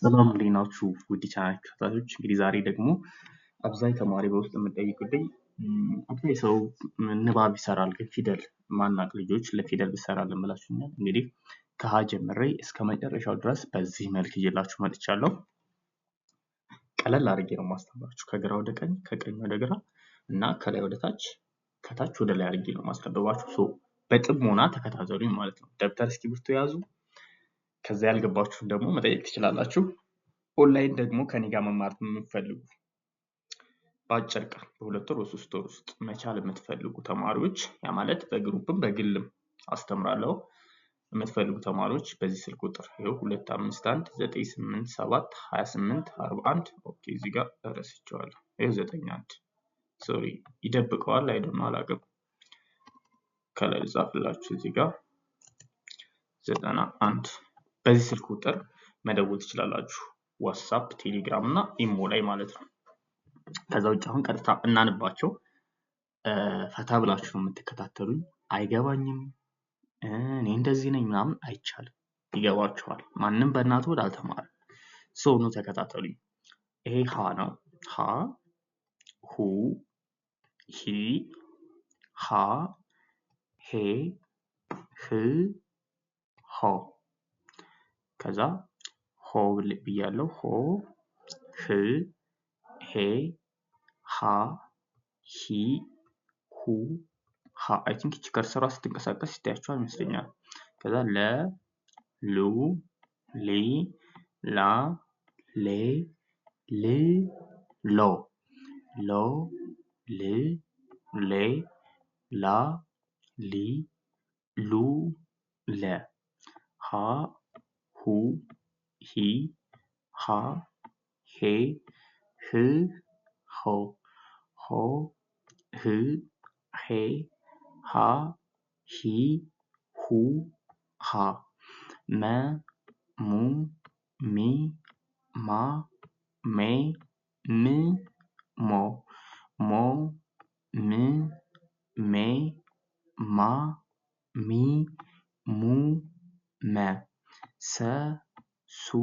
ሰላም እንዴት ናችሁ? ውድ የቻናላችን ተከታታዮች እንግዲህ ዛሬ ደግሞ አብዛኝ ተማሪ በውስጥ የምጠይቅብኝ አብዛኝ ሰው ንባብ ይሰራል ግን ፊደል ማናቅ ልጆች ለፊደል ይሰራል እንላችሁኛል። እንግዲህ ከሀ ጀምሬ እስከ መጨረሻው ድረስ በዚህ መልክ እየላችሁ መጥቻለሁ። ቀለል አድርጌ ነው ማስተምራችሁ፣ ከግራ ወደ ቀኝ ከቀኝ ወደ ግራ እና ከላይ ወደ ታች ከታች ወደ ላይ አድርጌ ነው የማስነበባችሁ። በጥሞና ተከታተሉኝ ማለት ነው። ደብተር እስክሪብቶ ያዙ ከዛ ያልገባችሁን ደግሞ መጠየቅ ትችላላችሁ። ኦንላይን ደግሞ ከኔ ጋር መማር የምትፈልጉ በአጭር ቀን በሁለት ወር በሶስት ወር ውስጥ መቻል የምትፈልጉ ተማሪዎች ያ ማለት በግሩፕም በግልም አስተምራለሁ የምትፈልጉ ተማሪዎች በዚህ ስልክ ቁጥር ይኸው ሁለት አምስት አንድ ዘጠኝ ስምንት ሰባት ሀያ ስምንት አርባ አንድ ኦኬ እዚህ ጋር ረስቸዋለሁ። ይኸው ዘጠኝ አንድ ሶሪ ይደብቀዋል አይደም አላውቅም። ከላይ ልጻፍላችሁ እዚህ ጋር ዘጠና አንድ በዚህ ስልክ ቁጥር መደወል ትችላላችሁ። ዋትሳፕ፣ ቴሌግራም እና ኢሞ ላይ ማለት ነው። ከዛ ውጭ አሁን ቀጥታ እናንባቸው። ፈታ ብላችሁ ነው የምትከታተሉኝ። አይገባኝም እኔ እንደዚህ ነኝ ምናምን አይቻልም። ይገባችኋል። ማንም በእናቱ ወደ አልተማረ ሰውኑ ተከታተሉኝ። ይሄ ሀ ነው። ሀ ሁ ሂ ሃ ሄ ህ ሆ ከዛ ሆ ብያለው ሆ ህ ሄ ሃ ሂ ሁ ሃ አይ ቲንክ እቺ ከርሰሯ ስትንቀሳቀስ ይታያችኋል ይመስለኛል። ከዛ ለ ሉ ሊ ላ ሌ ል ሎ ሎ ል ሌ ላ ሊ ሉ ለ ሃ ሁ ሂ ሃ ሄ ህ ሆ ሆ ህ ሄ ሃ ሂ ሁ ሃ መ ሙ ሚ ማ ሜ ም ሞ ሞ ም ሜ ማ ሚ ሙ መ ச, சு,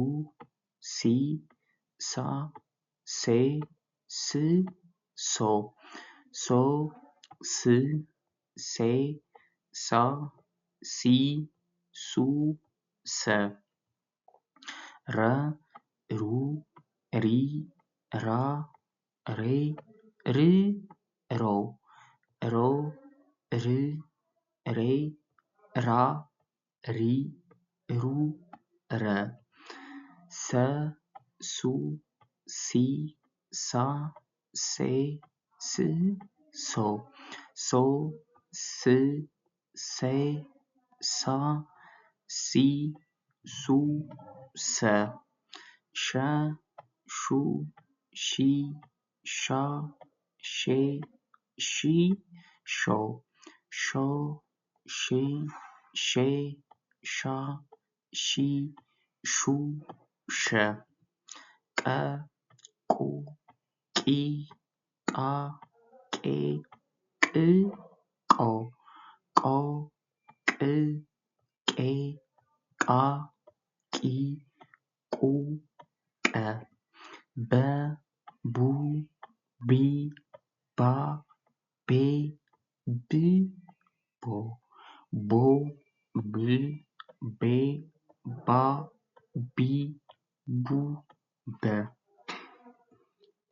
சி, ச, சே, சு, சோ, சோ, சு, சே, ச, சி, சு, ச. ர, ரு, ரி, ரா, ரே, ரு, ரோ, ரோ, ரு, ரே, ரா, ரி, ሩ ሩረ ሰ ሱ ሲ ሳ ሴ ስ ሶ ሶ ስ ሴ ሳ ሲ ሱ ሰ ሸ ሹ ሺ ሻ ሼ ሺ ሾ ሾ ሺ ሼ ሻ ሺ ሹ ሸ ቀ ቁ ቂ ቃ ቄ ቅ ቆ ቆ ቅ ቄ ቃ ቂ ቁ ቀ በ ቡ ቢ ባ ቤ ብ ቦ ቦ ብ ቤ ባ ቢ ቡ በ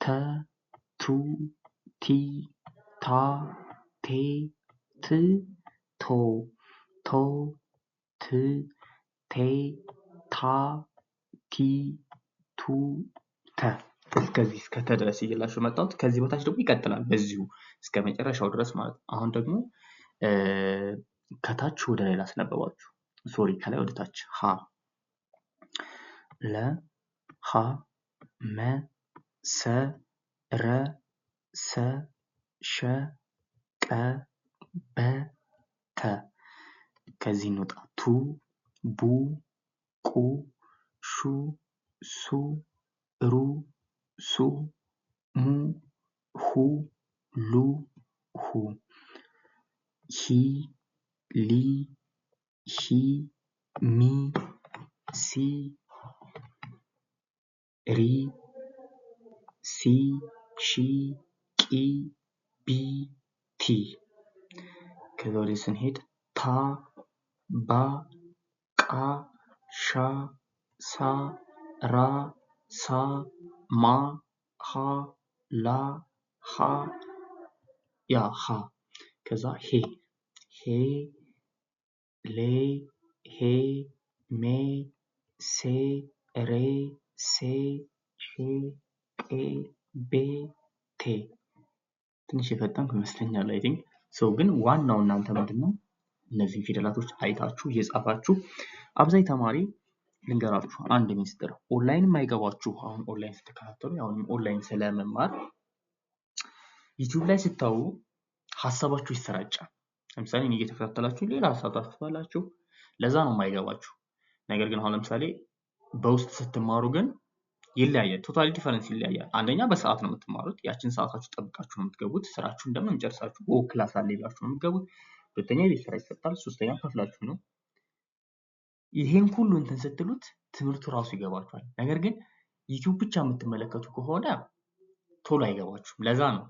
ተ ቱ ቲ ታ ቴ ት ቶ ቶ ት ቴ ታ ቲ ቱ ተ እስከዚህ እስከ ተ ድረስ እየላችሁ መጣሁት። ከዚህ በታች ደግሞ ይቀጥላል በዚሁ እስከ መጨረሻው ድረስ ማለት ነው። አሁን ደግሞ ከታች ወደ ላይ ላስነበባችሁ። ሶሪ ከላይ ወደታች ሀ ለ ሀ መ ሰ ረ ሰ ሸ ቀ በ ተ ከዚህ እንውጣ ቱ ቡ ቁ ሹ ሱ ሩ ሱ ሙ ሁ ሉ ሁ ሂ ሊ He, me, she, re, si, she, ki, bi, ti. Okay, go listen hit. ta, ba, ka, sha, sa, ra, sa, ma, ha, la, ha, ya, ha. ከዛ he, ሄ ሌይ ሄይ ሜይ ሴይ ሬይ ሴይ ሼ ቄ ቤ ቴ ትንሽ የፈጠንኩ ይመስለኛል አይ ቲንክ ሰው ግን ዋናው እናንተ ምንድነው እነዚህን ፊደላቶች አይታችሁ እየጻፋችሁ አብዛኝ ተማሪ ልንገራችሁ አንድ ሚስጥር ኦንላይን የማይገባችሁ አሁን ኦንላይን ስትከታተሉ አሁንም ኦንላይን ስለመማር ዩቲዩብ ላይ ስታዩ ሀሳባችሁ ይሰራጫል ለምሳሌ እኔ እየተከታተላችሁ ሌላ ሀሳብ ታስባላችሁ። ለዛ ነው የማይገባችሁ። ነገር ግን አሁን ለምሳሌ በውስጥ ስትማሩ ግን ይለያያል። ቶታሊ ዲፈረንስ ይለያያል። አንደኛ በሰዓት ነው የምትማሩት። ያችን ሰዓታችሁ ጠብቃችሁ ነው የምትገቡት። ስራችሁ ደግሞ የምጨርሳችሁ ወ ክላስ አለ ይላችሁ ነው የምትገቡት። ሁለተኛ ቤት ስራ ይሰጣል። ሶስተኛ ከፍላችሁ ነው። ይሄን ሁሉ እንትን ስትሉት ትምህርቱ ራሱ ይገባችኋል። ነገር ግን ዩቲዩብ ብቻ የምትመለከቱ ከሆነ ቶሎ አይገባችሁም። ለዛ ነው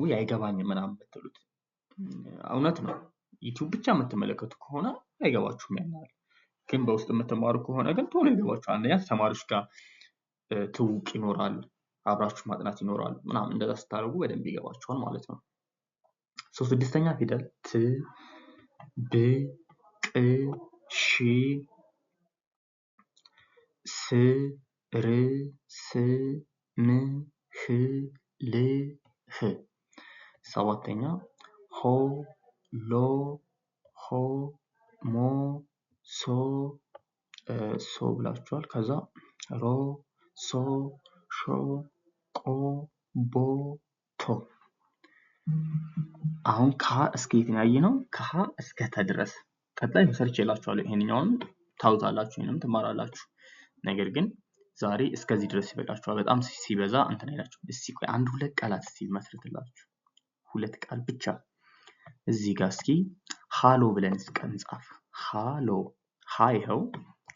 ውይ አይገባኝ ምናምን ብትሉት እውነት ነው ዩቲዩብ ብቻ የምትመለከቱ ከሆነ አይገባችሁም ያን ግን በውስጥ የምትማሩ ከሆነ ግን ቶሎ ይገባችሁ አንደኛ ተማሪዎች ጋር ትውቅ ይኖራል አብራችሁ ማጥናት ይኖራል ምናምን እንደዛ ስታደርጉ በደንብ ይገባችኋል ማለት ነው። ሶ ስድስተኛ ፊደል ት ብ ቅ ሺ ስ ር ስ ም ህ ል ህ ሰባተኛ ሆ ሎ ሆ ሞ ሶ ሶ ብላችኋል ከዛ ሮ ሶ ሾ ቆ ቦ ቶ አሁን ከሀ እስከ የት ነው ያየነው? ከሀ እስከ ተ ድረስ ቀጣይ መሰርች እላችኋለሁ ይሄንኛውን ታውታላችሁ ወይንም ትማራላችሁ። ነገር ግን ዛሬ እስከዚህ ድረስ ይበቃችኋል። በጣም ሲበዛ እንትን አይላችሁ። እስቲ ቆይ አንድ ሁለት ቃላት እስቲ መስርትላችሁ። ሁለት ቃል ብቻ እዚህ ጋር እስኪ ሃሎ ብለን ስቀን ጻፍ ሃሎ ሃ ይኸው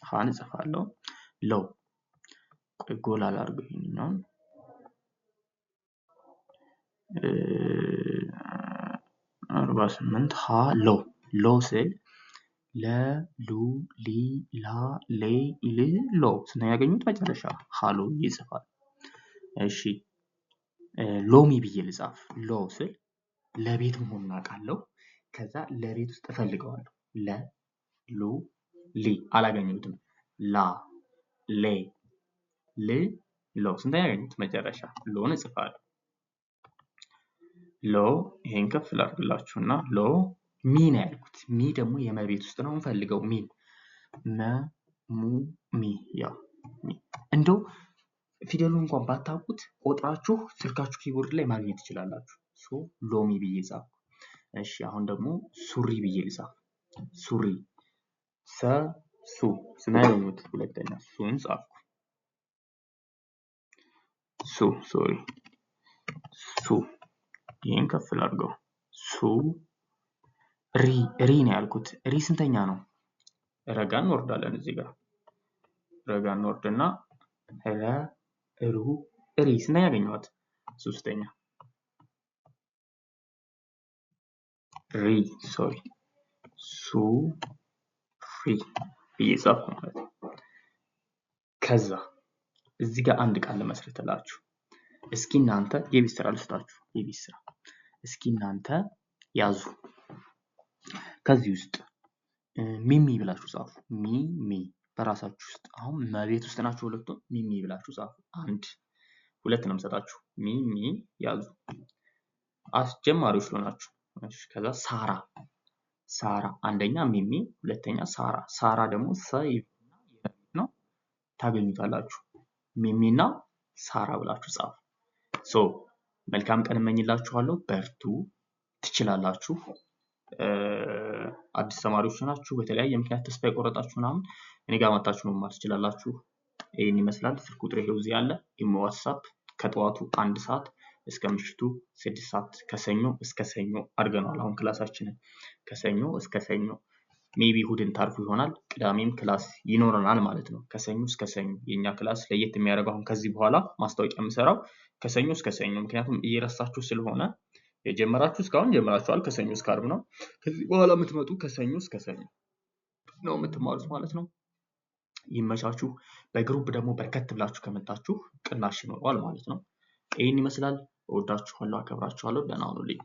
ሃ እንጽፋለሁ ሎ ቆይ ጎል አላርገው ይሄኛውን አርባ ስምንት ሃ ለው ሎ ስል ለ ሉ ሊ ላ ሌ ል ሎ ስናያገኙት መጨረሻ ሃሎ ይጽፋል። እሺ ሎሚ ብዬ ልጻፍ ሎ ስል ለቤት መሆኑን አውቃለሁ። ከዛ ለቤት ውስጥ እፈልገዋለሁ ለ ሉ ሊ አላገኘሁትም። ላ ሌ ል ሎ ስንተኛ ያገኙት? መጨረሻ ሎን እጽፋለሁ። ሎ ይሄን ከፍ ላድርግላችሁና ሎ ሚ ነው ያልኩት ሚ ደግሞ የመቤት ውስጥ ነው ምፈልገው ሚን መ ሙ ሚ ሚ እንደው ፊደሉን እንኳን ባታውቁት ቆጥራችሁ ስልካችሁ ኪቦርድ ላይ ማግኘት ትችላላችሁ ሶ ሎሚ ብዬ ጻፍኩ። እሺ አሁን ደግሞ ሱሪ ብዬ ልጻፍ። ሱሪ ሰ ሱ ስናየሙት ሁለተኛ ሱን ጻፍኩ። ሱ ሶሪ ሱ ይህን ከፍ ላድርገው። ሱ ሪ ሪ ነው ያልኩት። ሪ ስንተኛ ነው? ረጋ እንወርዳለን እዚህ ጋር ረጋ እንወርድና ረ ሩ ሪ ስንተኛ ያገኘዋት? ሶስተኛ ሪ ሶሪ ሱ ሱሪ እየጻፍኩ ማለት ነው። ከዛ እዚህ ጋር አንድ ቃል ልመስርትላችሁ። እስኪ እናንተ የቤት ስራ ልስጣችሁ። የቤት ስራ እስኪ እናንተ ያዙ። ከዚህ ውስጥ ሚሚ ብላችሁ ጻፉ። ሚሚ በራሳችሁ ውስጥ አሁን መቤት ውስጥ ናችሁ ሁለቱም። ሚሚ ብላችሁ ጻፉ። አንድ ሁለት ነው የምሰጣችሁ። ሚሚ ያዙ። አስጀማሪዎች ስለሆናችሁ ከዛ ሳራ ሳራ አንደኛ ሚሚ፣ ሁለተኛ ሳራ። ሳራ ደግሞ ሰይ ነው ታገኙታላችሁ። ሚሚና ሳራ ብላችሁ ጻፉ። ሶ መልካም ቀን እመኝላችኋለሁ። በርቱ፣ ትችላላችሁ። አዲስ ተማሪዎች ናችሁ፣ በተለያየ ምክንያት ተስፋ የቆረጣችሁ ምናምን እኔ ጋር መታችሁ መማር ትችላላችሁ። ይህን ይመስላል። ስልክ ቁጥር ይሄው እዚህ አለ ኢሞ፣ ዋትሳፕ ከጠዋቱ አንድ ሰዓት እስከ ምሽቱ ስድስት ሰዓት ከሰኞ እስከ ሰኞ አድርገናል። አሁን ክላሳችንን ከሰኞ እስከ ሰኞ ሜቢ ሁድን ታርፉ ይሆናል። ቅዳሜም ክላስ ይኖረናል ማለት ነው። ከሰኞ እስከ ሰኞ የእኛ ክላስ ለየት የሚያደርገው አሁን ከዚህ በኋላ ማስታወቂያ የምሰራው ከሰኞ እስከ ሰኞ፣ ምክንያቱም እየረሳችሁ ስለሆነ የጀመራችሁ እስካሁን ጀምራችኋል። ከሰኞ እስከ አርብ ነው። ከዚህ በኋላ የምትመጡ ከሰኞ እስከ ሰኞ ነው የምትማሩት ማለት ነው። ይመቻችሁ። በግሩፕ ደግሞ በርከት ብላችሁ ከመጣችሁ ቅናሽ ይኖረዋል ማለት ነው። ይህን ይመስላል። እወዳችኋለሁ፣ አከብራችኋለሁ። ደህና ሁኑልኝ።